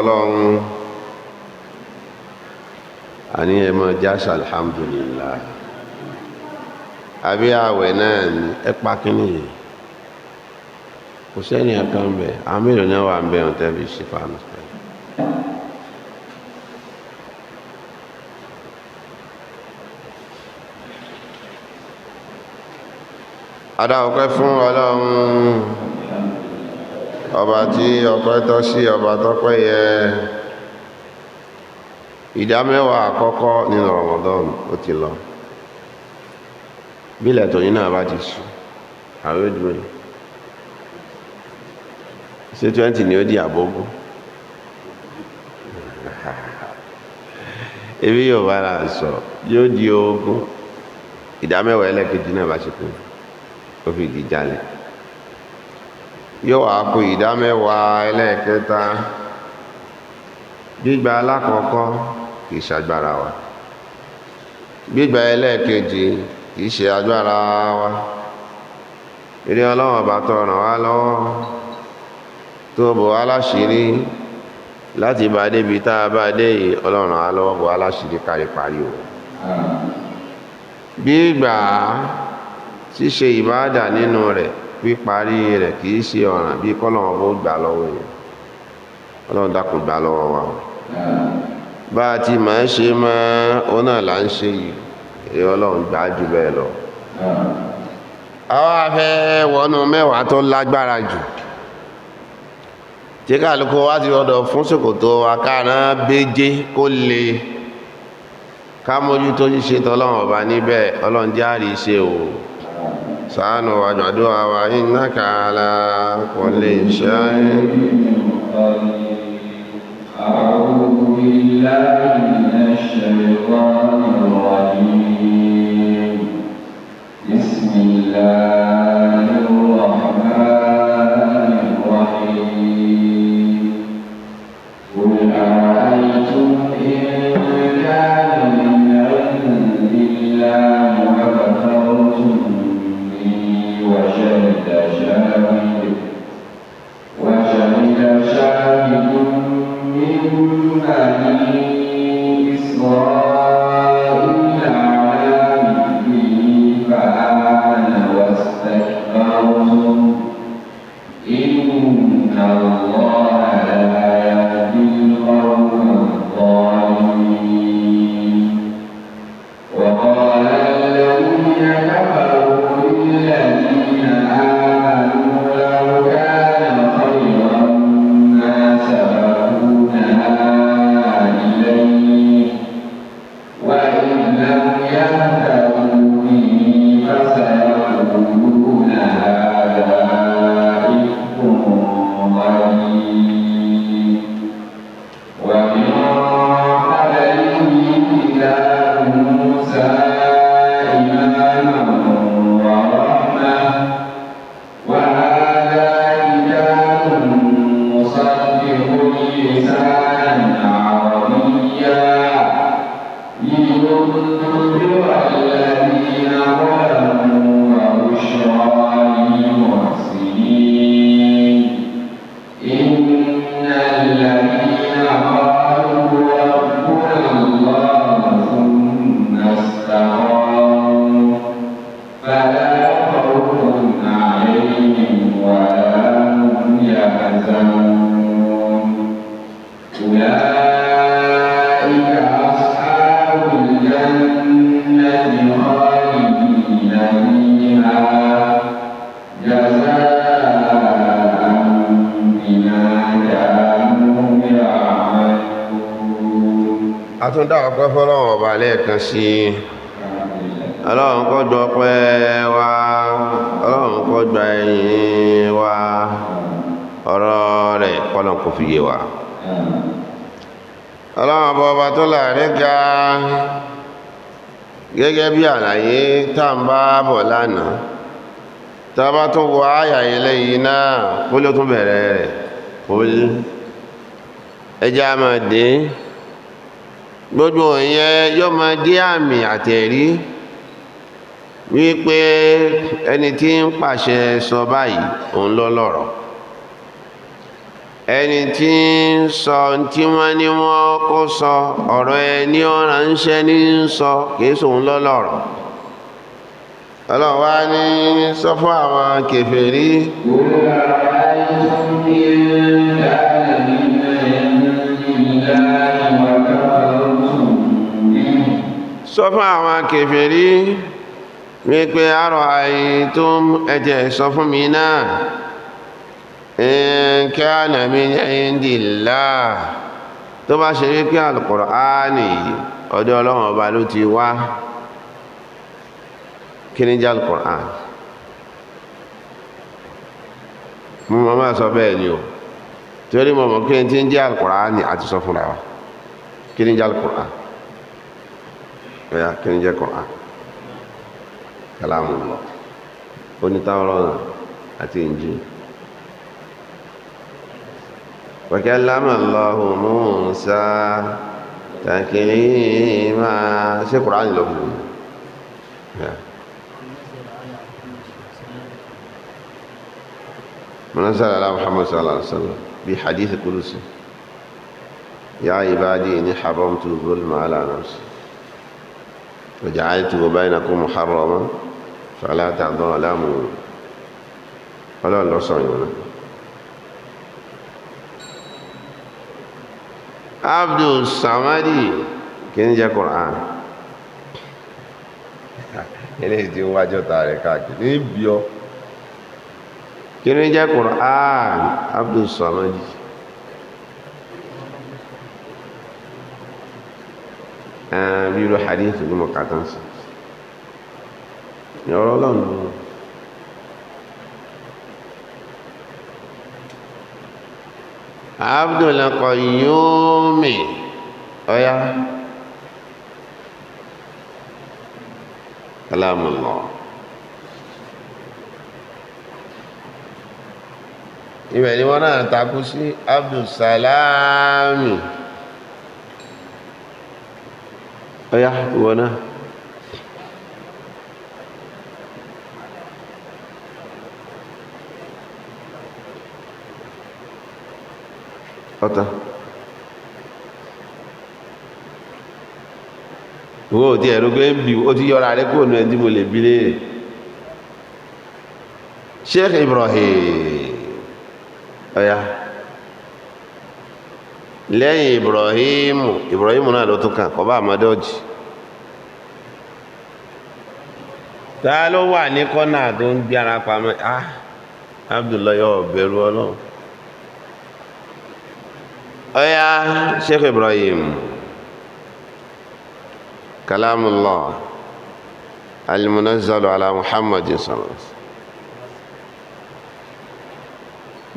ọlọ́run àní ẹ máa jáṣà alhamdulillah àbí àwẹ̀ náà ní ẹpa kínní yìí kò sẹ́ni ẹ̀kan bẹ̀ àmìlò náà wà ń bẹ̀ ọ̀tẹ́ bí ṣe fàánù fún ọlọ́run ọba tí ọpẹ́ tọ́ sí ọba tọ́pẹ́ yẹ ìdámẹ́wàá àkọ́kọ́ nínú Ramadan ó lọ bílẹ̀ tòyí náà bá ti sù, 20 ni ó di àbógún ebi yóò bá sọ yóò di ogún ìdámẹ́wàá náà bá ó fi jalè yóò akụ kù ìdámẹ́wàá ẹlẹ́ẹ̀kẹta gbígba alákọ̀ọ́kọ́ kìí ṣàgbára gbígba ẹlẹ́ẹ̀kẹjì kìí ṣe agbára wa eré ọlọ́wọ̀n bá tọ́ wá lọ́wọ́ tó bò láti bá débi tá bá dé bò o gbígbà ṣíṣe píparí rẹ̀ kì í ṣe ọ̀ràn bí kọ́lọ̀wọ̀n bó gbà lọ́wọ́ èèyàn ọlọ́run dákun gbà lọ́wọ́ wa bá a ti máa ṣe máa òun náà là ń ṣe yìí èrè ọlọ́run gbà jù bẹ́ẹ̀ lọ àwọn afẹ́ wọnú mẹ́wàá tó lágbára jù tí kálukú wá ti ọ̀dọ̀ fún ṣòkòtò akáná béjé kó le ká mójútó ṣíṣe tọ́lọ́run ọba níbẹ̀ ọlọ́run járe ṣe o. سعد وجدها وإنك على كل شيء أعوذ بالله من الشيطان الرجيم بسم الله a tún dá ọpẹ́ lẹ́ẹ̀kan sí ọlọ́run ẹ̀yìn wa ọ̀rọ̀ rẹ̀ ọba tó láàrin ga gẹ́gẹ́ bí àlàyé bọ̀ wọ ilẹ̀ yìí náà kó ló tún bẹ̀rẹ̀ rẹ̀ kó ẹjá máa dé gbogbo ìyẹn yóò máa jẹ́ àmì àtẹ̀rí wípé ẹni tí ń pàṣẹ sọ báyìí òun ló ẹni tí ń sọ tí wọ́n ní wọ́n kó sọ ọ̀rọ̀ ẹni ọ̀rọ̀ ń ṣẹ́ ní ń sọ kìí sóun ló ọlọ́wà ní sọ fún àwọn kèfèrí. sọ fún àwọn kèfèrí wípé àrọ̀ àyè tó ẹjẹ̀ sọ fún mi náà kí a nà mí ẹyìn tó bá ṣe wípé alùkùránì ọ̀dọ̀ ọlọ́run ọba ló ti wá kí ní jẹ́ máa sọ o torí kí ní àti sọ wa kí ní ẹ̀yà kí ni jẹ́ Quran kalamullah onítàwọ́rọ̀ àti Injil wa kallama Allahu Musa taklima ṣé Quran ló mú منزل على محمد صلى الله عليه وسلم بحديث قدسي يا عبادي إني حرمت الظلم على نفسي وجعلته بينكم محرما فلا تظالموا ولا لصيون عبد الصمد كن جاء قران eléyìí tí ó wájọ́ ta rẹ̀ káàkiri níbi ọ kí ní jẹ́ kùrán Abdul Samadi bíru hadith ní mọ̀kátán sí ọ̀rọ̀ ọlọ́run Abdul Qayyum ọ̀yá kalamullah ibẹ̀ ni wọ́n náà takú sí Abdul Salami. ọ̀yá ìwọ náà. ọ̀tá ìwọ ò ti ẹ̀rọ pé ń bi ó ti yọra rẹ kúrò ní ẹni mo lè bi léèrè Sheikh Ibrahim ọ̀yá lẹ́yìn ibrahimu ibrahimu náà ló tún kàn kọ́ bá àmọ́dọ́jì tá ló wà ní kọ́nà tó ń gbé ara pamọ́ ah abdullahi ọ̀bẹ̀rù ọlọ́run ọ̀yá sheikh ibrahim kalamullah alimunazzalu ala muhammadin sallallahu alaihi wasallam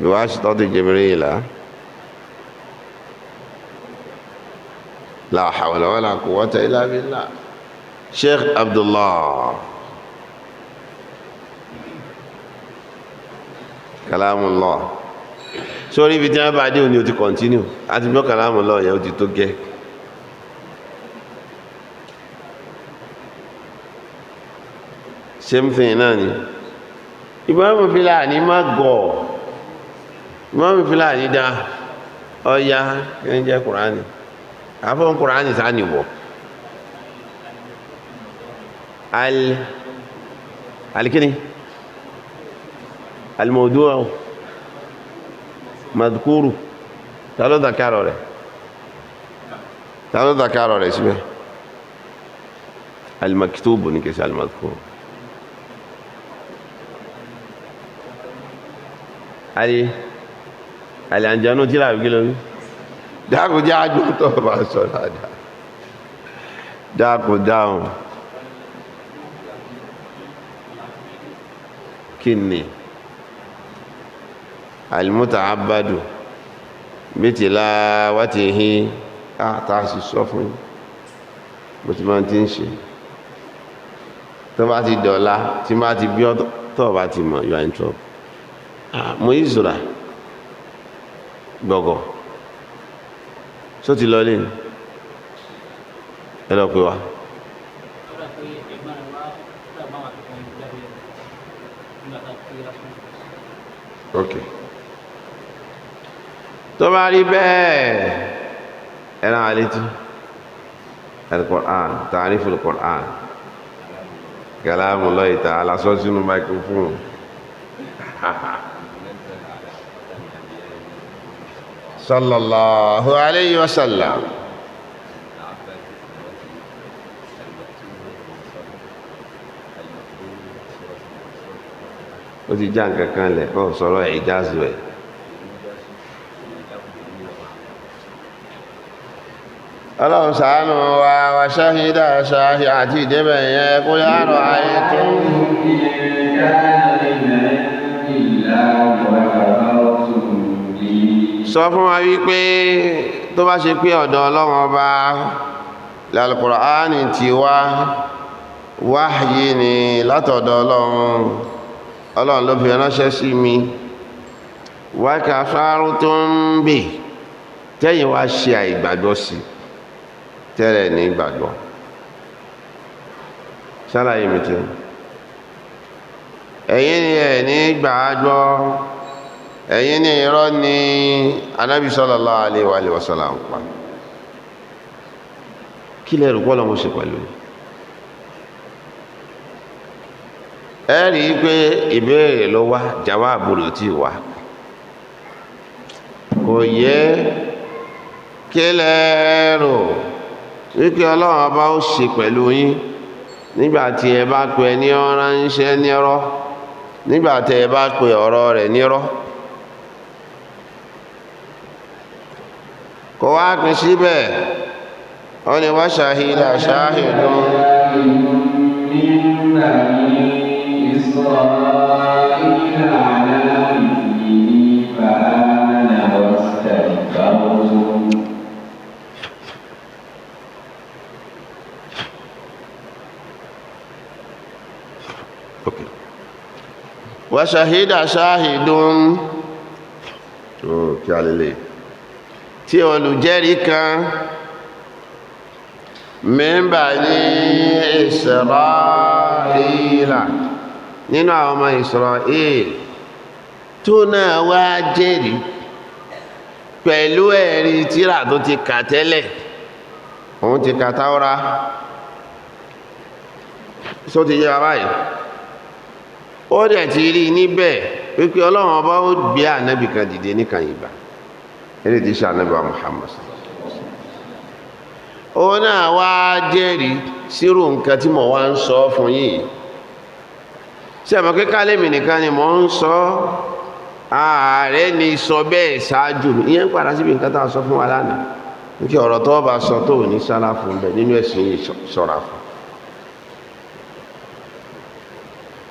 biwasitati jibrila. la hawla wala quwwata illa billah sheikh abdullah kalamullah sórí ibi tí wọ́n bá dé òní o ti continue àti gbọ́ kalamullah yẹn o ti tó gẹ́ same thing náà ni ìbámu fìlàní má gọ̀ ìbámu fìlàní dá ọya kí ń jẹ́ kùránì àfọwọ́n Kùránì sá ni wọ̀ alikini alimọ̀dúnrún madukuru ta ló dàkárọ̀ rẹ̀ ta ló dàkárọ̀ rẹ̀ síbẹ̀ alimakitubu ní kẹsí alimadukuru ali alianjanu tí láàrín gílọ́rí dákun já ájú tó bá sọ dáadáa dákun dáhùn kí ni alimuta abadu bíti láwátí hí àtàṣì sọ fún bó ti máa ti ń ṣe tó bá ti dọ̀la tí máa ti bí ọ́tọ̀ bá ti mọ̀ yóò àìntọ́ mo ìzùra gbọ̀gọ̀ só ti lọlé ni ẹ lọ pè wá. ok tó bá rí bẹ́ẹ̀ ẹ rán àlétí alukur'an taarifu alukur'an kalamu lọ́yìí tá a lásán sínú microphone. sallallahu alayhi wa sallam ó ti já nǹkan kan lẹ̀ ọ̀ sọ̀rọ̀ ìjáàzù ẹ̀ ọlọ́run ṣàánú wa wa ṣáhídà ṣáhí àti ìdébẹ̀ yẹn kó yàrá ayé tó ń sọ fún wa wípé tó bá ṣe pé ọ̀dọ̀ ọlọ́run ọba lálùkùránì ti wá wáyé ni látọ̀dọ̀ ọlọ́run ọlọ́run ló fi ránṣẹ́ sí mi wákà fárú tó ń bè tẹ́yìn wá ṣe àìgbàgbọ́ sí tẹ́lẹ̀ ní ìgbàgbọ́ ṣàlàyé mi tẹ́ ẹ̀yìn ni ẹ̀ ní ìgbàgbọ́ ẹ̀yin ní irọ́ ni anábì sallallahu alaihi aléwà sallam ń kí lẹ́rù pọ́lọ̀ mo pẹ̀lú ẹ rí i pé ìbéèrè ló wá jawabu ló wá kò yẹ kí lẹ́rù wípé ọba ó pẹ̀lú yín ẹ bá nírọ́ ẹ kò wá pin síbẹ̀ ó ní wá ṣàhídà ṣáhìdù Okay. Wa shahida shahidun. Oh, kí a lè lè tí olùjẹ́rí kan mẹ́mbà ní Isra'ila nínú àwọn ọmọ Isra'il tó náà wá jẹ́rìí pẹ̀lú ẹ̀rí tíra tó ti kà tẹ́lẹ̀ òun ti kà Táórà só ti yẹ báyìí ó dẹ̀ ti rí níbẹ̀ wípé ọlọ́run ọba ó gbé ànábì kan dìde níkan ilé tí ṣe ànábà Muhammad ó náà wá jẹ́rìí sírò nǹkan tí mo wá ń sọ fún yìí sí àmọ́ kíkà lèmi nìkan ni mo ń sọ ààrẹ ni sọ bẹ́ẹ̀ ṣáájú mi ìyẹn ń padà síbi nǹkan tá sọ fún wa lánàá nítorí ọ̀rọ̀ tó bá sọ tó ní sálá fún bẹ́ẹ̀ nínú ẹ̀sìn yìí sọ̀ra fún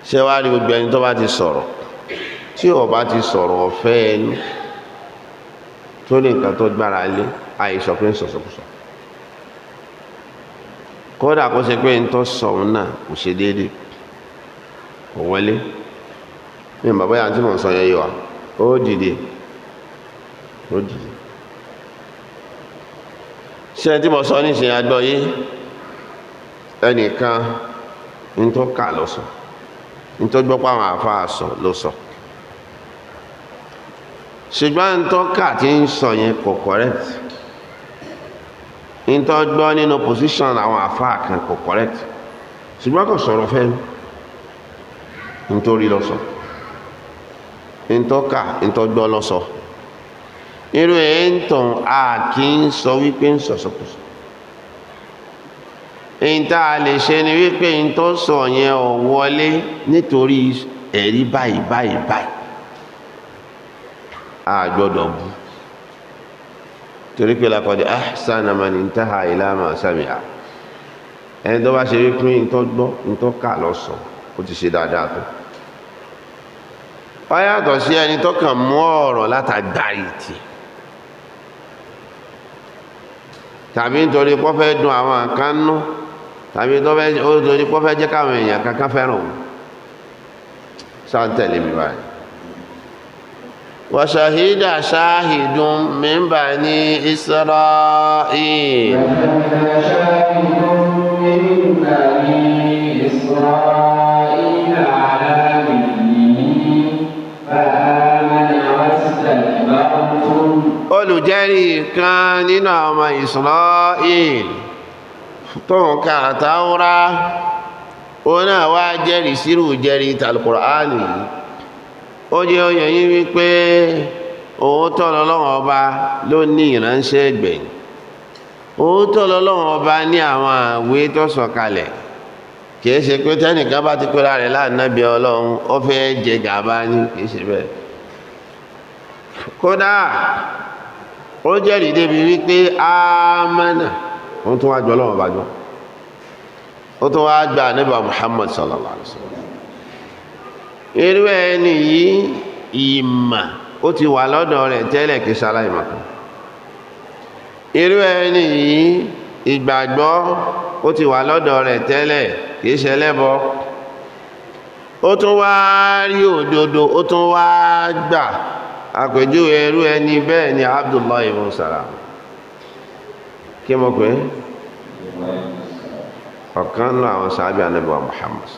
ṣé wàá rí gbogbo ẹni tó bá ti sọ̀rọ̀ tí ó ti sọ̀rọ̀ ọ̀fẹ́ ẹnu tó ní nǹkan tó gbára lé àìsàn pé ń sọ̀sọ̀kùsọ̀ kódà kó ṣe pé ń tó sọ òun náà kò ṣe déédéé kò wọlé ní bàbá yà tí mò ń sọ yẹn yìí wa ó dìde ó dìde ṣé tí mo sọ níṣẹ́ agbọ́ yìí ẹnìkan ń tó kà lọ́sọ̀ ń tó gbọ́ pàwọn àfa àsọ̀ ló sọ. So ṣùgbọ́n ń tọ́ka tí ń sọ yẹn kò correct ń tọ́ gbọ́ nínú position àwọn àfáà kan kò correct ṣùgbọ́n kò sọ̀rọ̀ fẹ́ nítorí lọ́sọ̀ ń tọ́ka ń tọ́ gbọ́ lọ́sọ̀ irú ẹ̀ ń tàn á kì í sọ wípé ń sọ̀sọ̀kùsọ̀ ń tá a lè ṣe ni wípé ń tọ́ sọ yẹn ò wọlé nítorí ẹ̀rí báyìí báyìí báyìí a gbọ́dọ̀ bú torí pé lakọ̀dẹ̀ ahsana man intaha ila ma sami'a ẹni tó bá ṣe rí pín in tó gbọ́ in tó kà lọ́sọ̀ ó ti ṣe dáadáa tó ó yàtọ̀ sí ẹni tó kàn mú ọ̀rọ̀ látàgbáyìí tì tàbí nítorí pọ́ fẹ́ dùn àwọn kan nú tàbí nítorí pọ́ fẹ́ jẹ́ káwọn èèyàn kankan fẹ́ràn òun sáà ń tẹ̀lé mi báyìí وشهد شاهد من بني إسرائيل olùjẹ́rìí kan nínú ọmọ Israel tó ń ka àtàwọ́rá ó náà wá jẹ́rìí sírù jẹ́rìí tàlùkùránì yìí ó jẹ́ oyè yín wípé òótọ́ ọba ló ní ìránṣẹ́ ẹgbẹ̀yìn òótọ́ lọ́lọ́run ọba ní àwọn àwé tó sọ̀kalẹ̀ kìí ṣe pé tẹ́nìkan bá ti pera rẹ̀ ó jẹ gàba ní kìí ṣe kódà ó jẹ́rìí débi wípé ámánà ó tún wá jọ ọlọ́run ọba jọ ó tún wá irú ẹni yìí ìmà ó ti wà lọ́dọ̀ rẹ̀ tẹ́lẹ̀ kí ṣaláìmọ̀ irú ẹni yìí ìgbàgbọ́ ó ti wà lọ́dọ̀ rẹ̀ tẹ́lẹ̀ kì í ṣẹlẹ́bọ ó tún wá rí òdodo ó tún wá gbà àpèjúwe irú ẹni bẹ́ẹ̀ ni Abdullahi ibn kí mo pè é ọ̀kan náà àwọn sábẹ́ anábọ̀ Muhammad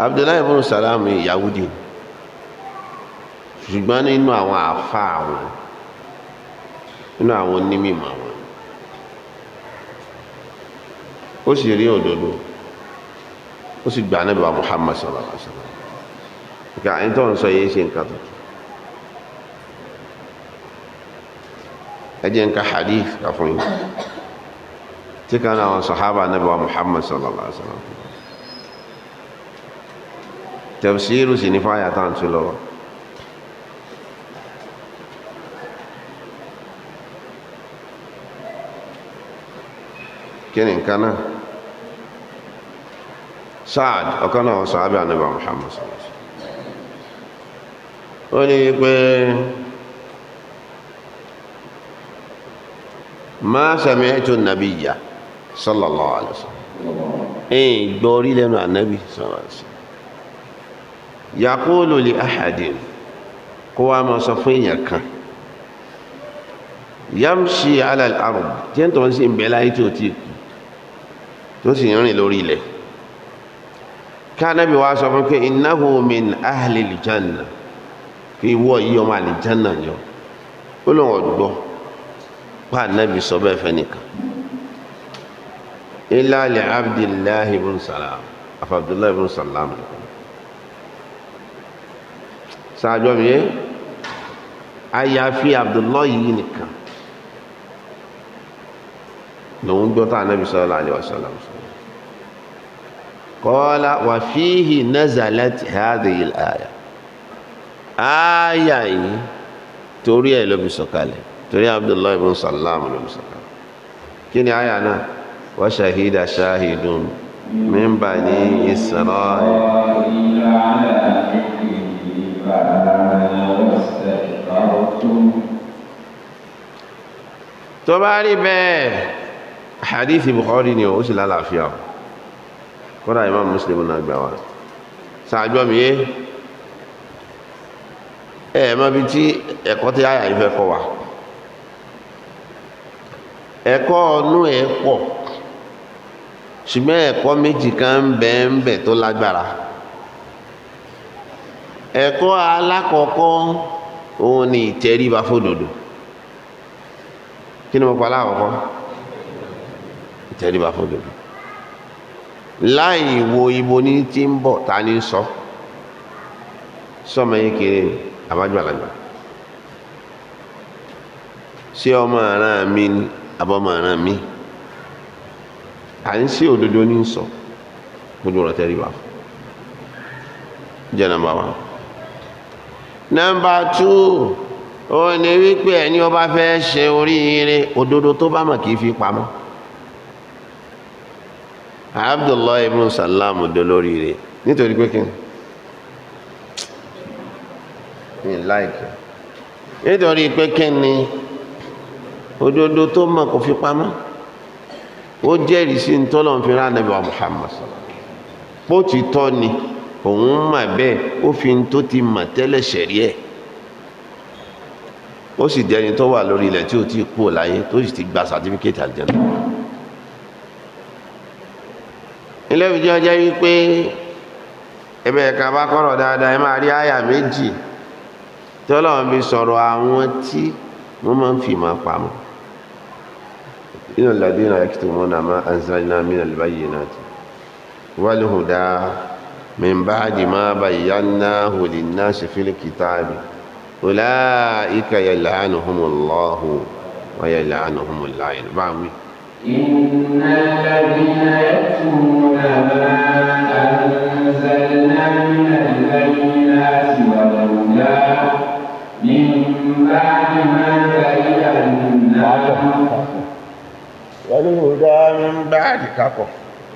abdullahi ibn salam yahudi ṣùgbọ́n nínú àwọn àfa àwọn nínú àwọn onímọ̀ àwọn ó sì rí òdodo ó sì gbà níbi wa muhammad sallallahu alaihi wa sallam nǹkan àyín tó ń sọ yìí ṣe nǹkan tuntun ẹ jẹ́ nǹkan hadith kà fún yín tí kan àwọn sahaba níbi muhammad sallallahu alaihi wa tẹ̀síìrù sì ní fáyà tàǹtù lọ́wọ́ kí ni nǹkan náà Saad ọ̀kan náà sàábì ànábì Muhammad sallallahu alaihi wasallam ó ní pé ma sami'tu an-nabiyya sallallahu alaihi wasallam ẹ̀yìn gbọ́ orí lẹ́nu ànábì yàkóòlò lè àhàdì kó wá máa sọ fún èèyàn kan yamṣi alàlárùn tí ń tọ́ sí ń bẹ láyé tí ó ti kú tó sì rìn lórí ilẹ̀ kánábì wá sọ fún pé innahu min ahli aljanna kí ìwọ yìí ọmọ àlìjánà yọ ó lọ́wọ́ gbọ́ pa nábì sọ bẹ́ẹ̀ fẹ́ nìkan illa li abdullahi ibn salam afabdullahi nìkan ṣáájọ́ mi yé àyàfi Abdullahi yìí nìkan lòun gbọ́ tá ànábì sallallahu alaihi wasallam qala wa fihi nazalat hadhihi al-aya àyà yìí torí ẹ̀ ló fi sọ̀kalẹ̀ torí Abdullahi ibn Salam ló fi sọ̀kalẹ̀ kí ni àyà náà wa shahida shahidun min bani Isra'il tó bá rí bẹ́ẹ̀ hadithi bukhari ni ó sì lálàáfíà kọ́dá imam muslim náà gbà wá sàájọ́ mi yé ẹ̀ mọ́ bí tí ẹ̀kọ́ tí àyà ìfẹ́ kọ́ wa ẹ̀kọ́ ọ̀nú ẹ̀ pọ̀ ṣùgbọ́n ẹ̀kọ́ méjì kan ń ń bẹ tó lágbára ẹ̀kọ́ alákọ̀ọ́kọ́ òun ni ìtẹríba fódodo kí ni mo pa alákọ̀ọ́kọ́ ìtẹríba fódodo láì wo ibo ní tí ń bọ̀ ta ní sọ sọmọ yín kiri àbájú àlàgbà ṣé ọmọ àrán mi ni àbọ̀mọ̀ àrán mi à ń ṣe òdodo ní sọ gbogbo ọ̀rọ̀ tẹríba jẹ́ nàmbà wa. nọ́mbà tú òun ni wípé ẹni ó bá fẹ́ ṣe oríire òdodo tó bá mọ̀ kì í fi pamọ́ abdullahi ibn salam dolóríire nítorí pé kí ni láìkì nítorí pé kí ni òdodo tó mọ̀ kò fi pamọ́ ó jẹ́rìí sí ní tọ́lọ̀ ń fi rán Muhammad bó tọ́ ni. òun mà bẹ́ẹ̀ ó fi tó ti mà tẹ́lẹ̀ ṣẹ̀rí ẹ̀ ó sì dẹni tó wà lórí ilẹ̀ tí ó ti kú láyé tó sì ti gba sàtífíkẹ́tì àlùjànnà ilé ìjọ jẹ́ wípé ẹbẹ̀ ẹ̀ka bá kọ́rọ̀ dáadáa ẹ máa rí àyà méjì tí ọlọ́run fi sọ̀rọ̀ àwọn tí wọ́n máa ń fi máa pamọ́ inú ìlàdí náà kìtìmọ́ náà máa ń sáré náà mí nàlùbáyé náà wal huda من بعد ما بيناه للناس في الكتاب أولئك يلعنهم الله ويلعنهم اللعين بعمي إن الذين يكتمون ما أنزلنا من البينات والهدى من بعد ما بيناه والهدى من بعد كفر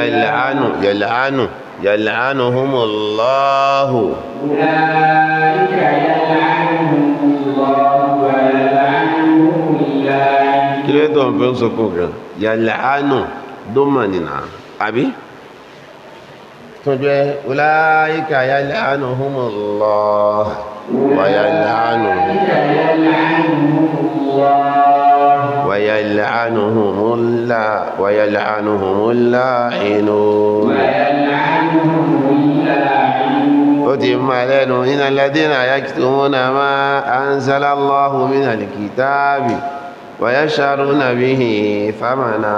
yàlàánù yàlàánù yàlàánù humullahu kí ló tó ń fi ń sọkò gan yàlàánù dómanìnà àbí tó jẹ́ ọláyíká yàlàánù humullahu wà yàlàánù humullahu ويلعنهم الله ويلعنهم اللاعنون ويلعنهم اللاعنون إن الذين يكتمون ما أنزل الله من الكتاب ويشعرون به ثمنا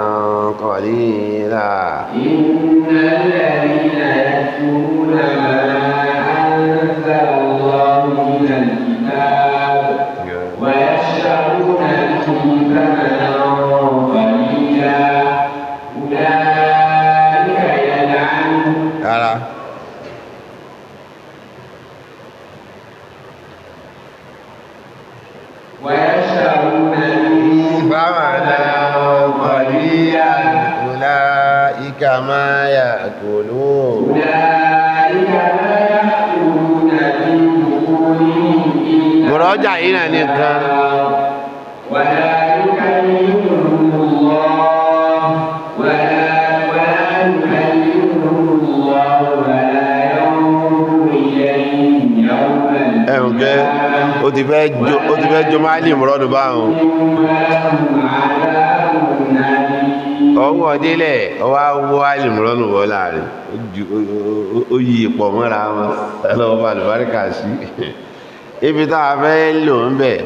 قليلا إن الذين يكتمون ما أنزل الله من الكتاب ọjà yìí náà nìkan ó ti fẹ́ jọ máa lè mọ́rọ́dù bá wọn ọwọ́ délẹ̀ ọwọ́ awọ́ alìmọ́rọ́nù wọ́n láàrin ó yí ipò mọ́ra wọn ẹlọ́wọ́ bá lùbáríkà sí ibi táà fẹ́ lò ń bẹ̀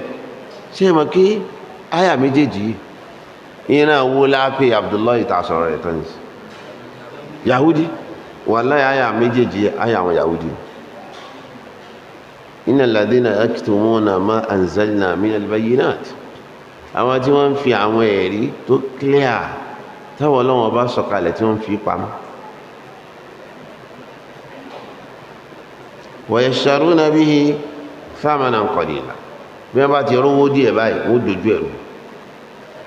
ṣe mọ̀ kí àyà méjèèjì ìran wo lápè Abdullahi ta sọ̀rọ̀ ẹ̀ tán Yahudi wallahi àyà méjèèjì àyà àwọn Yahudi innal ladhina yaktumuna ma anzalna minal bayyinat àwọn tí wọ́n ń fi àwọn ẹ̀rí tó clear táwọn ọlọ́wọ́n bá sọ̀kalẹ̀ tí wọ́n ń fi pamọ́ wa yashtaruna bihi thamanan qalila bí wọ́n bá ti rówó díẹ̀ báyìí wọ́n dojú ẹ̀rù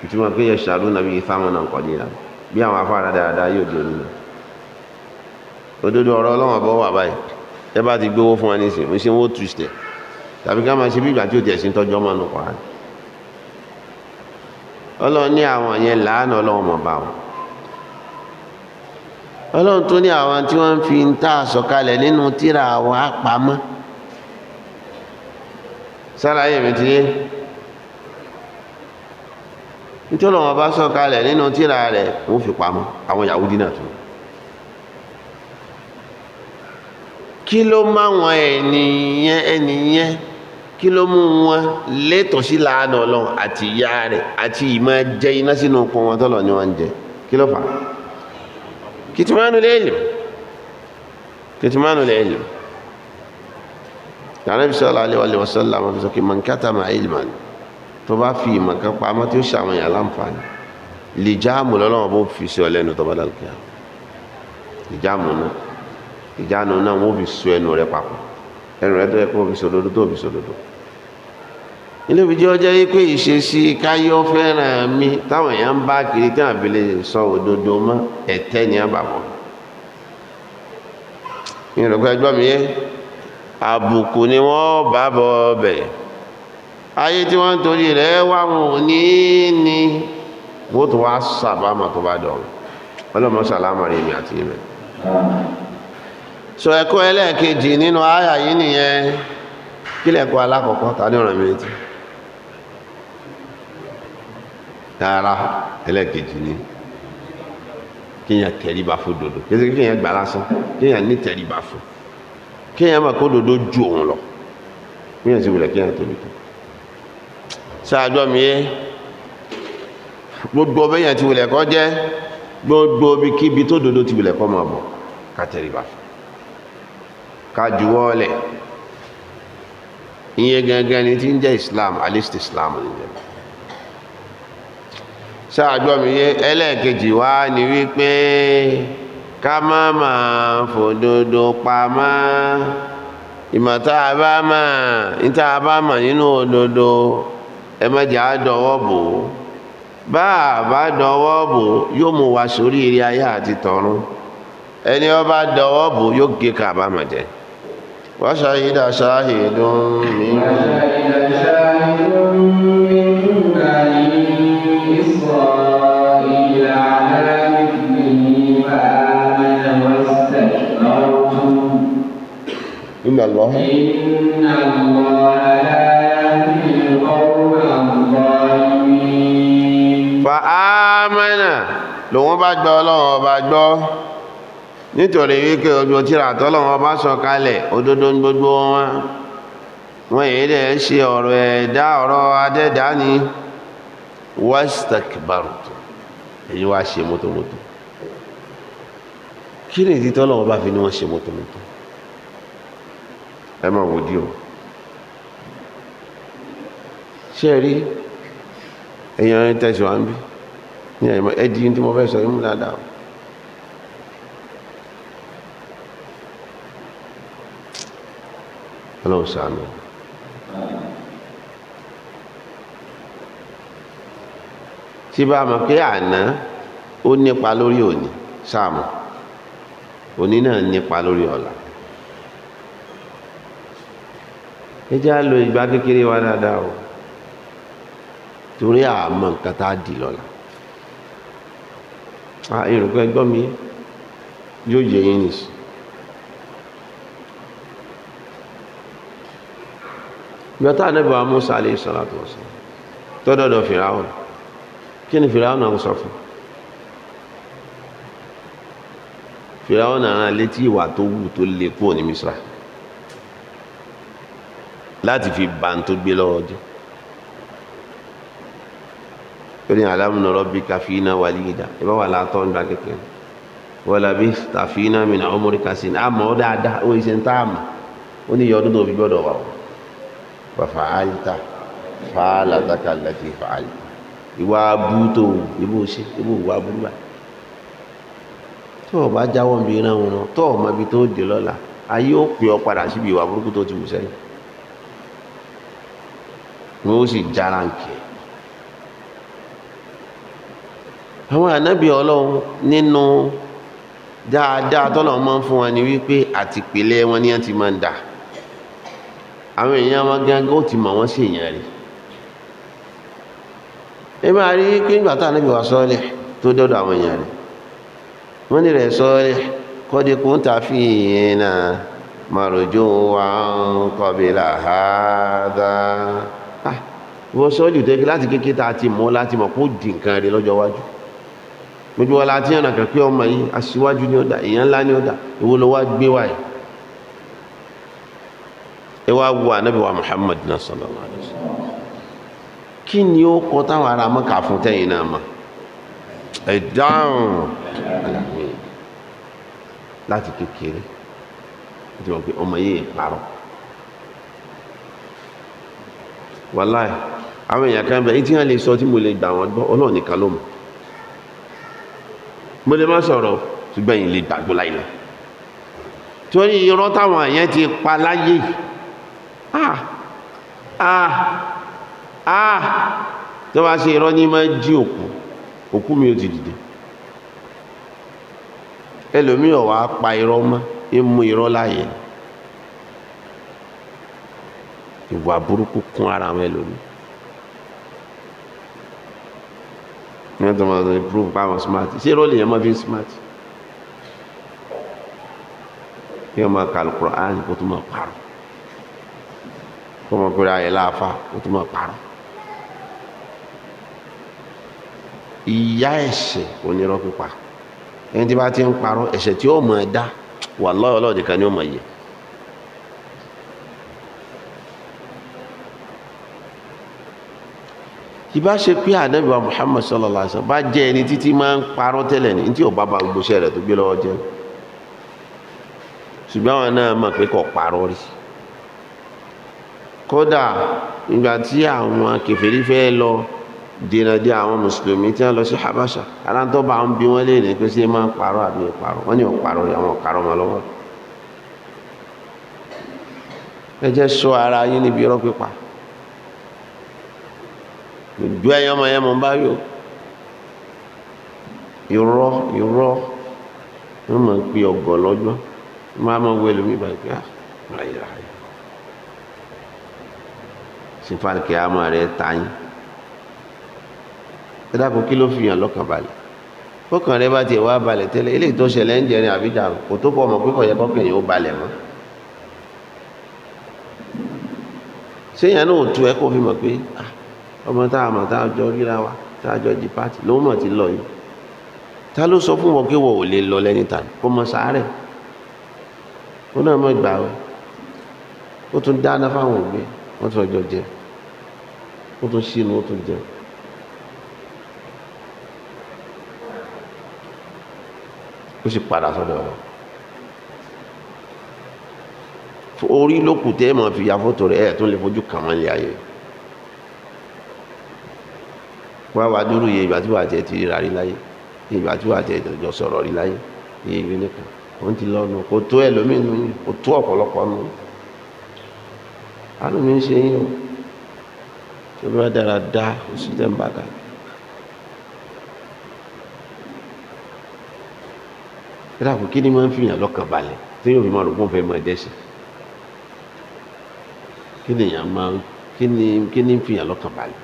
ìtumọ̀ pé yẹ ṣàlù nàbí ìfámọ́ náà kọ̀ nílà bí àwọn afárá dáadáa yóò di onílà òdodo ọ̀rọ̀ ọlọ́wọ́n bọ́ wà báyìí ẹ bá ti gbówó fún wa nísìn ń ṣe wọ́n tù sẹ̀ tàbí ká máa ṣe bí ìgbà tí ò tiẹ̀ sí ń tọ́jú ọmọ nù pa á ọlọ́run ní àwọn yẹn làánà ọlọ́run mọ̀ bá wọn ọlọ́run tó ní àwọn tí wọ́n fi ń tà sọ̀kalẹ̀ nínú tíra àwọn apamọ́ sálàyé mi ti nítorí wọn bá sọ kalẹ̀ nínú tíra rẹ̀ wọ́n fi pamọ́ àwọn Yahudi dínà tún kí ló má wọn ẹnìyẹn kí ló mú wọn létòó sí láàánú ọlọ́run àti ìyá rẹ̀ àti ìmọ̀ jẹ ni jẹ kí ló fà tààrẹ́bí sọ́lá aléwàlé wọ́sọ́lá ma fi sọ kí mọ̀nkátà ma ilman tó bá fi ìmọ̀kan pamọ́ tí ó sàwọn èèyàn láǹfààní lè jáàmù lọ́lọ́wọ́ bó fi sí ọlẹ́nu tó bá dàlùkìá ìjáàmù náà ìjáàmù náà wọ́n fi sọ ẹnu rẹ papọ̀ ẹnu rẹ tó yẹ kó fi sòdodo tó fi sòdodo ilé ìfijì ọjọ́ yìí pé ìṣesí káyọ́ fẹ́ràn mi táwọn èèyàn ń bá kiri tí àbí àbùkù ni wọ́n bá bọ̀ ọbẹ̀ ayé tí wọ́n ń torí rẹ̀ wá wọn ò ní ní wọ́n tó wá sàbámọ̀ tó bá dọ̀rùn ọlọ́mọ sàlámà rí mi àti ìmẹ̀ so ẹ̀kọ́ ẹlẹ́ẹ̀kejì nínú àyà yìí nìyẹn kí lẹ́kọ́ alákọ̀ọ́kọ́ ta ní ọ̀rọ̀ mi létí tààrà ẹlẹ́ẹ̀kejì ni kíyàn tẹríba fún dodo kí kíyàn gbà lásán kíyàn ní tẹríba fún kéèyàn mà kó dodo ju òun lọ kéèyàn sì wulẹ̀ kéèyàn tóbi tó ṣáájọ́ mi yé gbogbo béèyàn ti wulẹ̀ kọ́ jẹ́ gbogbo ibikíbi tó dodo ti wulẹ̀ kọ́ máa bọ̀ ká tẹríba ká juwọ́ lẹ̀ ìyẹn gangan ni tí ń jẹ́ Islam alist Islam ni jẹ́ ṣáájọ́ mi yé ẹlẹ́ẹ̀kejì wá ni wípé. ká má máa fòdodo pamọ́ ìmọ̀tá àbámà níta àbámà nínú òdodo ẹ mẹ́jẹ̀ á dọwọ́ bò ó bá a bá dọwọ́ bò ó yóò mú wa sórí eré ayé ẹni bá bò ó yóò gé ká jẹ wọ́n mí. إلا الله إن الله لا يهدي القوم الظالمين فآمن lòun bá gbọ́ ọlọ́run ọba gbọ́ nítorí wípé ojú tíra tọ́lọ́run ọba sọ kalẹ̀ òdodo ń gbogbo wọn wọn èyí ṣe ọ̀rọ̀ ẹ̀dá ọ̀rọ̀ adẹ́dá ni wastakbaru èyí wá ṣe mọ́tòmọ́tò kí ni ìdí tọ́lọ́run ọba fi ní wọ́n ṣe mọ́tòmọ́tò ẹ máa wò di o ṣé ẹ rí èèyàn ẹ tẹ̀sán wá ń bí ní ẹ di tí mo fẹ́ sọ yín mú dáadáa o ọlọ́run ṣàánú tí bá mọ̀ pé àná ó nípa lórí òní sáàmù òní náà nípa lórí ọ̀la ẹ jẹ́ á lo ìgbà kékeré wa dáadáa o torí àmọ́ nǹkan tá a dì lọ́la ìrùkọ́ ẹgbọ́n mi yóò yẹ yín nìsí gbọ́tà nẹ́bọ̀ amúsà alẹ́ ìsọ́látọ̀ ọ̀sán tọ́dọ̀dọ̀ fìràhùn kí ni fìràhùn àwọn sọ fún fìràhùn àwọn létí ìwà tó wù tó lè kúrò ní láti fi bá ń tó gbé lọ́wọ́ jẹ́ ó ní alámùnà rọ́bì káfíínà wà lídà ìbá wà látọ́ ń gba kékeré wọ́n làbí káfíínà mìíràn ọmọdé kásì ní àmọ́ ó dáadáa ó ṣe ń tá àmà ó ní ìyọdún tó fi gbọ́dọ̀ wà ó bàfà áyíta fàálà dákàlẹ̀ ti fàálà ìwà abú tó ìbò ṣe ìbò wà burú báyìí tó o bá jáwọ́ mi wọn tó o mọ ibi tó dé lọ́la ayé ó pè ọ padà síbi ìwà burúkú tó ti wù sẹ́yìn. wọn ó sì nke nkè àwọn ànábì ọlọ́run nínú dáadáa tọ́lọ̀ máa ń fún wa ni wípé àtìpìlẹ̀ wọn ni wọ́n ti máa ń dà àwọn èèyàn wọn gángan ó ti mọ̀ wọ́n sí èèyàn rí ẹ máa rí pé nígbà tá ànábì wa sọ́ọ́lẹ̀ tó dọ́dọ̀ àwọn èèyàn rẹ̀ wọ́n ní rẹ̀ sọ́ọ́lẹ̀ kọ́dé kó ń ta fi ìyẹn náà màròjó wa ń kọ́bí làhádá. wọ́n sọ́jú tẹ́kí láti kékeré tá a ti mọ̀ láti mọ̀ kó di nǹkan rẹ̀ lọ́jọ́ iwájú gbogbo wa láti yànnà kan ọmọ yìí aṣíwájú ní ọ̀dà èèyàn ńlá ní ọ̀dà ìwọ ló wá gbé yìí ẹ wá náà kí ni ó kọ táwọn ará fún tẹ́yìn náà ẹ dáhùn láti kékeré ọmọ yìí parọ́ wàláì àwọn èèyàn kan bẹ̀ tí wọ́n lè sọ tí mo lè gbà wọ́n gbọ́ ọlọ́run nìkan ló mọ̀ mo lè má sọ̀rọ̀ ṣùgbọ́n yìí lè gbàgbọ́ láìlọ torí irọ́ táwọn èèyàn ti pa láyé ah ah ah tó bá ṣe irọ́ ní máa jí òkú òkú mi ò ti dìde ẹlòmíì ọ̀wá pa irọ́ mọ́ ìmú irọ́ láàyè ìwà burúkú kún ara àwọn ẹlòmíì wọ́n tó máa improve pa àwọn smart ṣé rọ́ọ̀lì yẹn máa fi smart kí wọ́n máa ka alukur'an kó tó máa parọ́ kó máa pèrè ayé láàfa kó tó máa parọ́ ìyá ẹ̀ṣẹ̀ onírọ́ pípa ẹni tí bá ti ń parọ́ ẹ̀ṣẹ̀ tí ó mọ̀ ẹ́ dá wà lọ́yọ̀lọ́ọ̀dì kan ni ó mọ̀ yẹ ìbá ṣe pé ànábì wa Muhammad sallallahu alaihi wasallam bá jẹ́ ẹni títí máa ń parọ́ tẹ́lẹ̀ ní tí ọba bá gbogbo iṣẹ́ rẹ̀ tó gbé lọ́wọ́ jẹ́ ṣùgbọ́n àwọn náà mọ̀ pé kò parọ́ rí kódà ìgbà tí àwọn kèfèrí fẹ́ lọ dènà dé àwọn mùsùlùmí tí wọ́n lọ sí Habasha aláǹtọ́ bá ń bí wọ́n léèrè pé ṣé máa ń parọ́ àbí ìparọ́ wọ́n ní ọ̀parọ́ àwọn ọ̀karọ́ mọ́ lọ́wọ́ ẹ jẹ́ sọ ara yín níbi irọ́ pípa ojú ẹyàn ọmọ yẹn mọ̀ ń bá yò irọ́ irọ́ wọ́n mọ̀ ń pe ọ̀gọ̀ lọ́jọ́ wọ́n máa mọ̀ wẹ́lú mi báyìí pé àyà àyà sífàlìkì àmọ́ rẹ̀ tayín ẹ dákun kí ló fi hàn lọ́kàn balẹ̀ kókàn rẹ bá tiẹ̀ wá balẹ̀ tẹ́lẹ̀ eléyìí tó ṣẹlẹ̀ ń jẹrin àbíjà kò tó pọ̀ mọ̀ pé kọ̀yẹ́ kọ́kàn yẹn ó balẹ̀ mọ́ séèyàn náà ò tu ẹ kó fi mọ̀ pé ah ọmọ tá a mọ̀ tá a jọ ríra wa tá a jọ di pátì ló mọ̀ ti lọ yìí ta ló sọ fún wọn pé wọn ò lè lọ lẹ́ni tàn kó mọ sàárẹ̀ ó náà mọ̀ gbà wẹ̀ ó tún dáná fáwọn òbí wọ́n tún ọjọ́ jẹ ó tún sínú ó tún jẹ. ó sì padà sọ́dọ̀ ọ̀rọ̀ orí ló kù tẹ́ ẹ̀ mọ̀ fi ya fọ́tò rẹ̀ ẹ̀ tó lè fojú kàn wọ́n lé ayé wọ́n wá dúró iye ìgbà tí wà jẹ́ ti rà rí láyé iye ìgbà tí wà jẹ́ ìjọ sọ̀rọ̀ rí láyé iye ìgbé nìkan òun ti lọ́nu kò tó ẹlòmínú yìí kò tó ọ̀pọ̀lọpọ̀ nù alómi ń ṣe yín o tó bá dára dá oṣù tẹ́ ń bàgà kíra kò kí ni máa ń fìyàn lọ́kàn balẹ̀ tí yóò fi máa rò pé òun fẹ́ máa dẹ́sẹ̀ kí ni èèyàn máa kí ni fìyàn lọ́kàn balẹ̀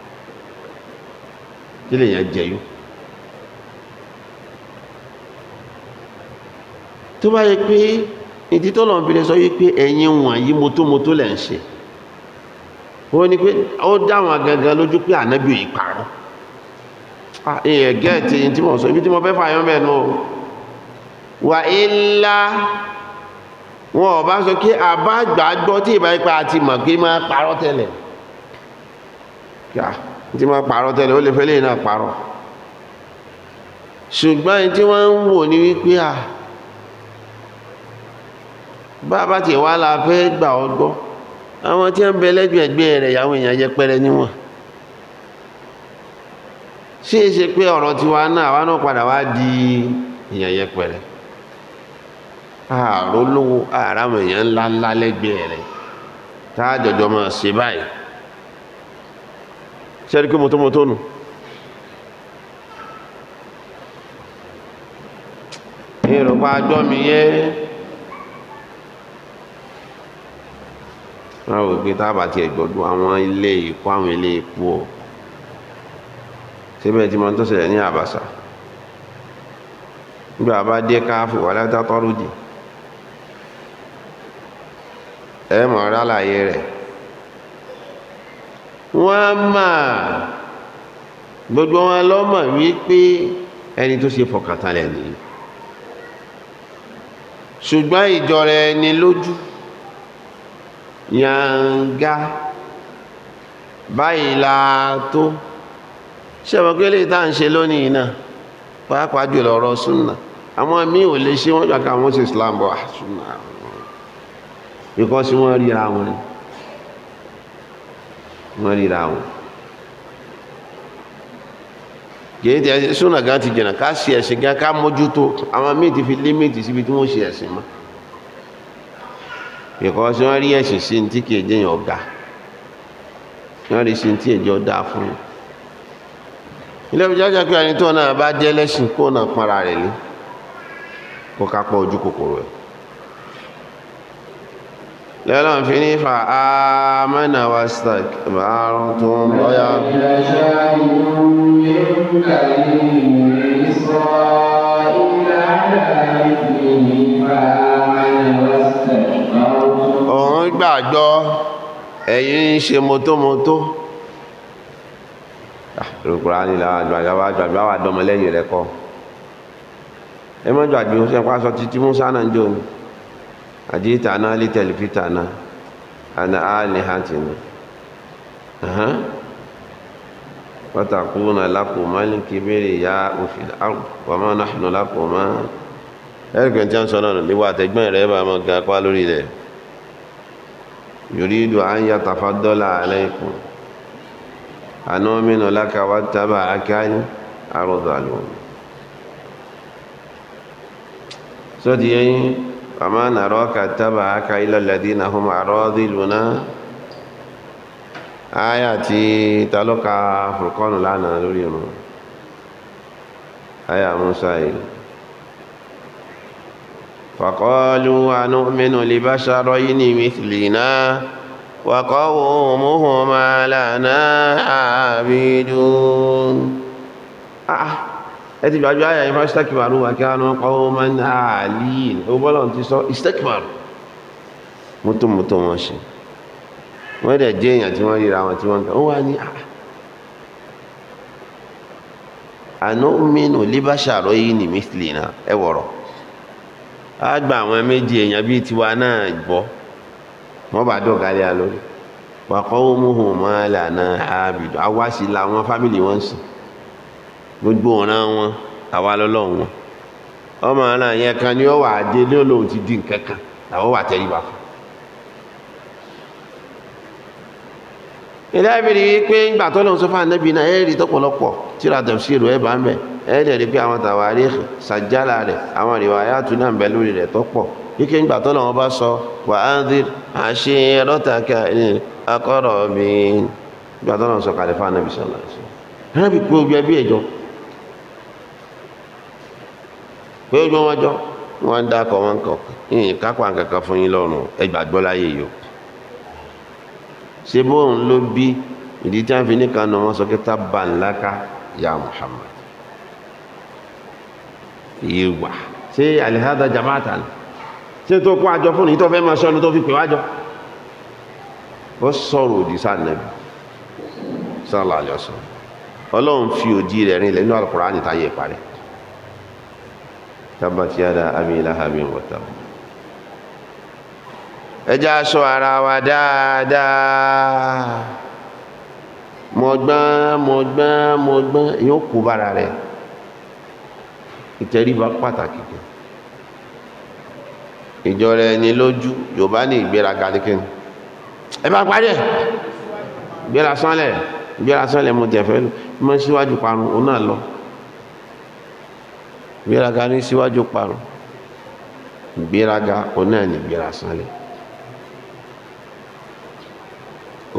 kí lèèyàn jẹyó tó bá yẹ pé ìdí tó lọ́n bìrẹ̀ sọ wípé ẹ̀yin wọ̀nyí mọ́tómọ́tó lẹ̀ ń ṣe ó ní pé ó dáwọn gangan lójú pé ànábì yìí parọ́ ìyẹn gẹ́ẹ̀tì tí mo sọ ibi tí mo fẹ́ fàyọ́ mẹ́nu o wà ilá wọn ò sọ kí àbá gbàgbọ́ tí ìbá àti mọ̀ pé máa parọ́ tẹ́lẹ̀ tí máa pààrọ̀ tẹ́lẹ̀ ó lè fẹ́ lẹ́yìn náà pààrọ̀ ṣùgbọ́n tí wọ́n ń wò ní wípé à bàbá tí wà la fẹ́ gbà ọ gbọ́ àwọn tí wọ́n bẹ lẹ́gbẹ̀ẹ́ ẹgbẹ́ rẹ̀ yàwọn èèyàn yẹpẹrẹ níwọ̀n ṣé é ṣe pé ọ̀rọ̀ tiwa náà àwa náà padà wá di èèyàn yẹpẹrẹ ààrò lówó àràmọ̀ èèyàn ńláńlá lẹ́gbẹ̀ẹ́ rẹ̀ tá a jọjọ máa ṣe báyìí ṣẹ́rí pé mọ́tọ́mọ́tọ́ nù ìrọ̀pá gbọ́mi yẹ́ wọ́n rò pé tábà ti ẹ̀gbọ́dún àwọn ilé ìkó àwọn ilé ìpò ọ̀ síbẹ̀ tí mọ́ tó ṣẹlẹ̀ ní àbàṣà nígbà bá dé káàfù wà látàtọ́rù jì ẹ̀ rálàyé rẹ̀ wọ́n á máa gbogbo wọn lọ́mọ̀ wípé ẹni tó ṣe fọkàntàlẹ̀ nìyí ṣùgbọ́n ìjọra ẹni lójú yànga báyìí la tó ṣẹ́wọ̀n kí lè tá à ń ṣe lónìí náà pàápàá jùlọ ọ̀rọ̀ súnà àwọn míì ò lè ṣe wọ́n jọ wọ́n ṣe Islam bọ̀ súnà because wọ́n ríra wọn ni. mọ́ríra wọn kìí súnà gan ti jìnà ká ṣe si gan ká ka àwọn míì fi límìtì síbi tí wọ́n ṣe ẹ̀sìn mọ́ wọ́n rí ẹ̀sìn sí ní si ọ̀gá wọ́n rí sí tí èjì ọ̀dà fún un ilé ìjọba jẹ́ pé ẹni tó náà bá jẹ́ lẹ́sìn kó náà pọ́nra rẹ̀ kó lọ́lọ́n fi ní fa àmàna wa stark márùn tó ń lọ́yà òun gbàgbọ́ ẹ̀yin ń ṣe mọ́tómọ́tó ìrùkúra nílá àgbàgbà wà dọmọ lẹ́yìn rẹ̀ kọ́ ẹ mọ́jọ àgbẹ̀ òṣèpá sọ títí mú sánà ń jò ní أجيتنا لتلفتنا عن آلهتنا أه. وتكون لكما الكبرياء في الأرض وما نحن لكما ẹ̀rìkẹ́ tí a ń sọ náà lè wà tẹ́gbọ́n rẹ̀ bá mọ́ ga pa lórí rẹ̀ yuridu an yatafaddala alaykum anu'minu laka wattaba'aka al-ardhalun sọ́dí ẹ̀yìn وما نراك اتبعك إلا الذين هم أراذلنا آياتي تلقى فرقان لنا نريد آية موسى فقالوا أنؤمن لبشرين مثلنا وقومهما لنا عابدون آه ẹ ti gbàgbé àyà ìfà ìsítàkìbàrù wà kí a náà kọ́ ọmọ náà líìn ó bọ́lọ̀ ti sọ ìsítàkìbàrù mútòmútò wọn ṣe wọ́n dẹ̀ jẹ́ èèyàn tí wọ́n ríra wọn tí wọ́n ń kà ó wà ní àná ah, mínú líbàṣàrọ̀ yìí ní mísìlì náà ẹ wọ̀rọ̀ á gba àwọn méjì èèyàn bíi tiwa náà gbọ́ wọ́n bá dọ̀gá lé a lórí wàkọ́ ó mú máa lànà àbìdù àwa sì làwọn fámìlì wọn sìn gbogbo ọ̀ràn wọn àwa lọ́lọ́run wọn ọmọ ara yẹn kan ni ó wà dé ní olóhùn ti di nǹkan kan làwọn wà tẹríba fún. ilé ẹ̀bìrì wípé ńgbà tó lóun sọ fún anábì náà ẹ̀rí tọ́pọ̀lọpọ̀ tíra ẹ̀ bá ń bẹ̀ ẹ̀rí ẹ̀rí pé àwọn sàjálà rẹ̀ àwọn náà ń bẹ lórí rẹ̀ tọ́pọ̀ sọ wà á ń àṣẹ akọ́rọ̀ mi tó lóun sọ anábì pé ojú wọn jọ wọn ń dákọ wọn kọ yìnyín kápá fún yín lọ́rùn ẹ gbàgbọ́ láyé yìí o ṣe bóun ló bí ìdí tí fi ní sọ ya Muhammad yìí wà ṣé alihada jamaata ni ṣé tó kó àjọ fún yìí tó fẹ́ máa tó fi pè ó sọ̀rọ̀ òdì ọlọ́run fi òdì rẹ̀ rìn tabbat yada abi lahabin wa tab ẹ jẹ́ aṣọ ara wa dáadáa mọ̀gbọ́n mọ̀gbọ́n mọ̀gbọ́n yóò kú bára rẹ̀ ìtẹríba pàtàkì kan ìjọra ẹni lójú yorùbá ní ìgbéraga ní kíni ẹ bá parí ẹ gbéra sánlẹ̀ gbéra sánlẹ̀ mo tẹ̀fẹ́ lọ mọ́ síwájú parun òun náà lọ ìgbéraga ní síwájú parun ìgbéraga onáà ní ìgbéra sánlẹ̀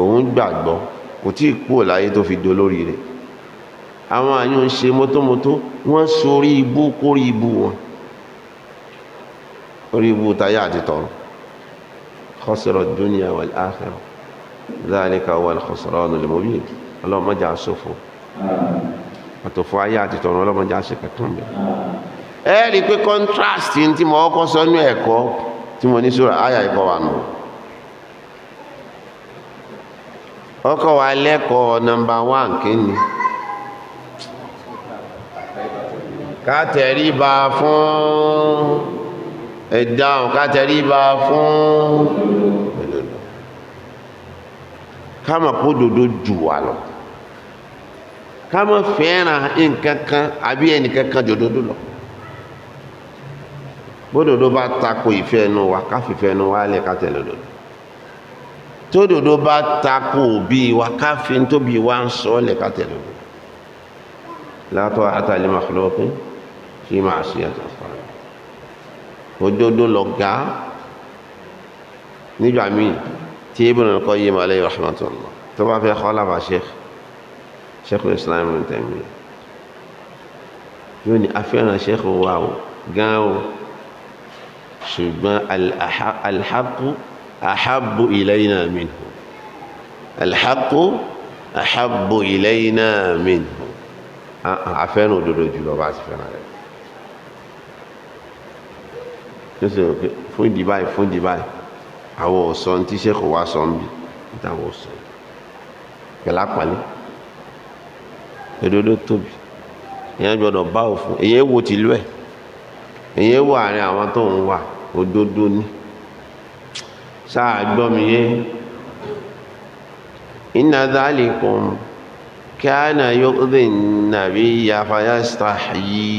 òun gbàgbọ́ kò tí ì kúrò láyé tó fi dolórí rẹ̀ àwọn àyàn ń ṣe mọ́tómọ́tó wọ́n sorí ibú kórí ibú wọn orí ibú táyà àti tọrọ khasira dunya wal akhirah dhalika wal khusranul mubin ọlọ́mọdé àṣòfò. àtòfò ayé àti tọ̀run ọlọ́mọdé àṣẹ kankan bẹ̀. ẹ rí i pé contrast tí mo kọ́ sọ́nú ẹ̀kọ́ tí mo ní sóra ẹ̀kọ́ wa nù. ọkọ̀ wa lẹ́kọ̀ọ́ nọmba wán kínní. ká tẹríba fún ẹ̀dáhùn fún ká mọ̀ kó dodo jù ká má fẹ́ràn nǹkan kan àbí ẹnìkan kan jòdòdó lọ bódòdó bá tako ìfẹ́ ẹnu wa ká fìfẹ́ ẹnu wa lẹ̀ ká tẹ̀lé òdòdó tódòdó bá tako òbí wa ká fi tóbi wa ń sọ lẹ̀ ká tẹ̀lé òdòdó látọ̀ àtàlẹ́ makhluqin fi ma'siyati khaliq òdodo lọ ga nígbà míì tí Ibn al-Qayyim alayhi rahmatullah tó bá fẹ́ kọ́ làbà Sheikhul Islam Ibn Taymiyyah yóò ní afẹ́ràn sheikh wa o gan o ṣùgbọ́n alhaku ahabu ilayna minhu alhaku ahabu ilayna minhu afẹ́ràn òdodo jùlọ bá ti fẹ́ràn rẹ̀ yóò sọ pé fún ìdí fún ìdí báyìí ọ̀sán tí sheikh wa sọ ń bí ìtàwọn ọ̀sán pẹ̀lápàlẹ́ èdè tóbi èyàn gbọdọ̀ bá òfin wo tìlú ẹ̀ èyàn wo àárín àwọn tó ń wà ododo ní sáà mi yé inna dhalikum kana yuqdhi an-nabiyya fayastahyi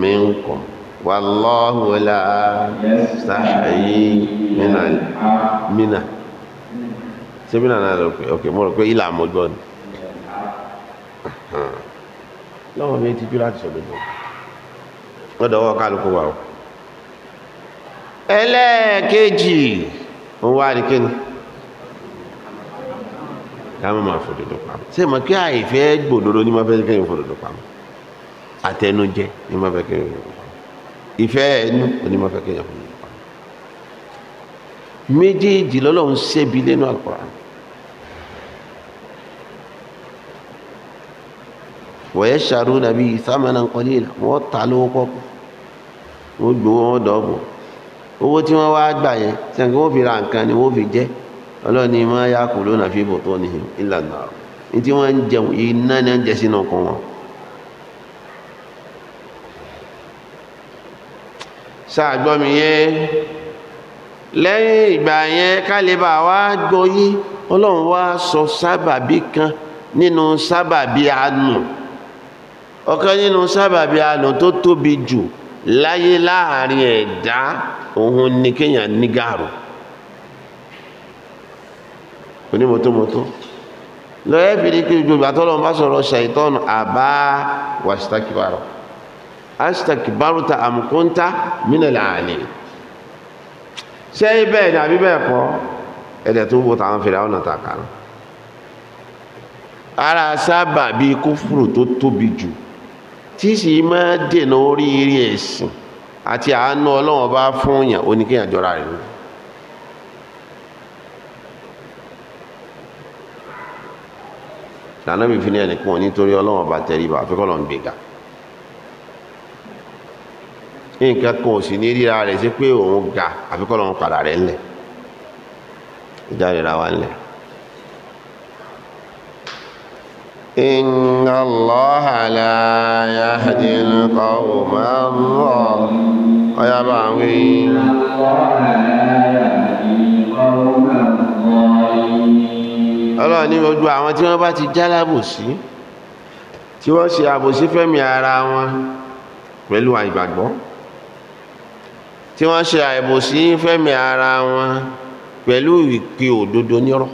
minkum wallahu kùn yastahyi mina mina mina náà lọ pé ok mo rò pé ilà àmọ́gbọ́n ni. Ah. lọ́wọ́ mi ti jú láti sọ lójú lọ́dọ̀wọ́ kálukú wa o ẹlẹ́ẹ̀kejì òun wá ní kíni ká má máa fòdòdó pamọ́ ṣé mo kí àìfẹ́ gbòdodo ní máa fẹ́ kẹ́yìn fòdòdó pamọ́ àtẹnujẹ ní máa fẹ́ kẹ́yìn fòdòdó pamọ́ ìfẹ́ ẹnu ní máa fẹ́ kẹ́yìn fòdòdó pamọ́ méjèèjì lọ́lọ́run ṣẹ́bi lẹ́nu àkùrọ̀ àná ويشترون به ثمنا قليلا wọ́n ta lówó pọ́pọ́ wọ́n gbowó wọn dọ́ọ̀bù owó tí wọ́n wá gbà yẹn tí wọ́n fi ra nǹkan ni fi jẹ́ ọlọ́ni ma yakuluna fi butunihim illa ní tí wọ́n ń jẹun iná ní sínú ọkàn wọn. ṣàgbọ́mi yẹn lẹ́yìn ìgbà yẹn kálíbà wá ọlọ́run wá sọ sábàbí nínú sábàbí àánú. ọ̀kan nínú sábàbí àánú tó tóbi jù láyé láàrin ẹ̀dá òun ni kéèyàn nígàrò onímọ̀tòmọ̀tò lọ́yẹ́ bìrì kí gbogbo àtọ́lọ́ bá sọ̀rọ̀ ṣàìtọ́nù àbá wàṣítàkìbárò aṣítàkìbárò ta àmùkúntà mínàlá àní ṣé bẹ́ẹ̀ ni àbí bẹ́ẹ̀ kọ́ ẹ̀dẹ̀ tó wo tàwọn fèrè àwọn nàta ara sábà bíi kúfùrù tó tóbi jù tí sì máa dènà oríire ẹ̀sìn àti àánú ọlọ́wọ́n bá fún yàn oníkéyàn jọra rẹ̀ lórí. lànà mi fi ní ẹnìkan nítorí ọlọ́wọ́n bá tẹríba àfikọ́ lọ́n gbèga nǹkan kan ò sì ní ríra rẹ̀ sí pé òun ga àfikọ́ lọ́n padà rẹ̀ ńlẹ̀ ìjà ra wa ńlẹ̀. إن الله لا يهدي القوم الظالمين ويا بعوين ọlọ́run ní gbogbo àwọn tí wọ́n bá ti jálábòsí tí wọ́n ṣe àbòsí fẹ́mi ara wọn pẹ̀lú àìgbàgbọ́ tí wọ́n ṣe àìbòsí fẹ́mi ara wọn pẹ̀lú ìpè òdodo nírọ́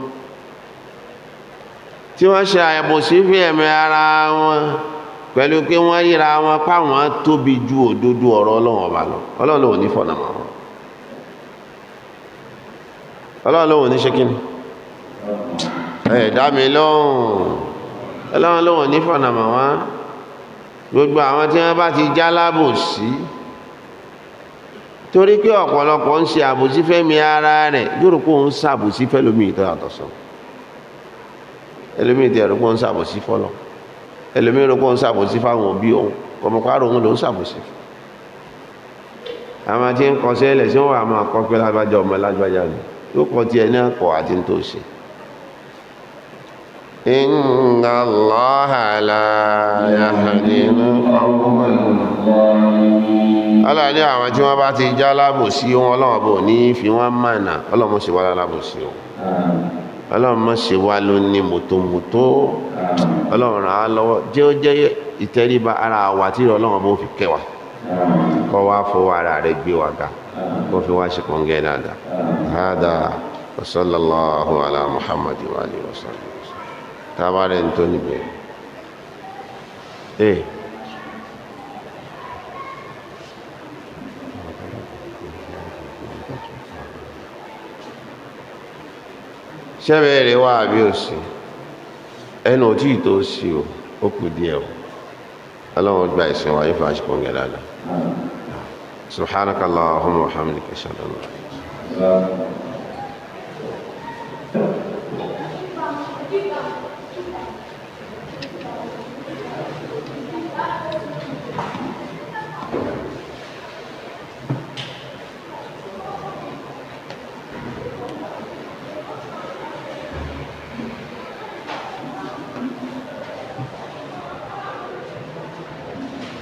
tí wọ́n ṣe àìbòsí fi ẹ̀mí ara wọn pẹ̀lú pé wọ́n yíra wọn páwọn tóbi ju òdodo ọ̀rọ̀ ọlọ́run ọba lọ ọlọ́run lòun ní fọ̀nà mọ́ wọn ọlọ́run lòun ní ṣe kí ni ẹ̀dá mi lọ́hùn ọlọ́run lòun ní fọ̀nà mọ́ wọn gbogbo àwọn tí wọ́n bá ti já lábòsí torí pé ọ̀pọ̀lọpọ̀ ń ṣe àbòsí fẹ́mi ara rẹ̀ yóò rò pé òun ṣàbòsí fẹ́lómi ìtọ́ àtọ̀sán ẹlòmíì tí ẹ̀rọ pọ́n ń sàbòsí fọ́lọ́ ẹlòmíì ẹ̀rọ pọ́n ń sàbòsí fáwọn òbí òun kọmọkárò òun ló ń sàbòsí àwọn tí ń kọsẹ́ ilẹ̀ sí wọn àmọ́ akọ pé lágbájá ọmọ lágbájá ni yóò kọ tiẹ̀ ní àkọ́ àti tó ṣe. inna Allaha la yahdi aláàdé àwọn tí wọ́n bá ti já lábòsí wọn ọlọ́wọ́ bò ní fi wọ́n mànà ọlọ́mọ sì wá lábòsí wọn ọlọ́run má ṣe wá ló ní mọ̀tòmọ̀tò ọlọ́run ràn á lọ́wọ́ jẹ́ ó jẹ́ ìtẹríba ara wa tí ọlọ́run bó fi kẹwà kọ́ wá fọwọ́ ara rẹ̀ gbé wa ga kó fi wá ṣe kọ́ńgẹ́ dáadáa ṣẹ́bẹ̀ rẹ̀ wà bí ò sí ẹnu ò tí ì tó sí o ó kù díẹ̀ o ọlọ́run gba ìsìn wa yóò fàájì kò ń gẹ̀rẹ́ àdá سبحانك اللهم وبحمدك اشهد ان لا اله الا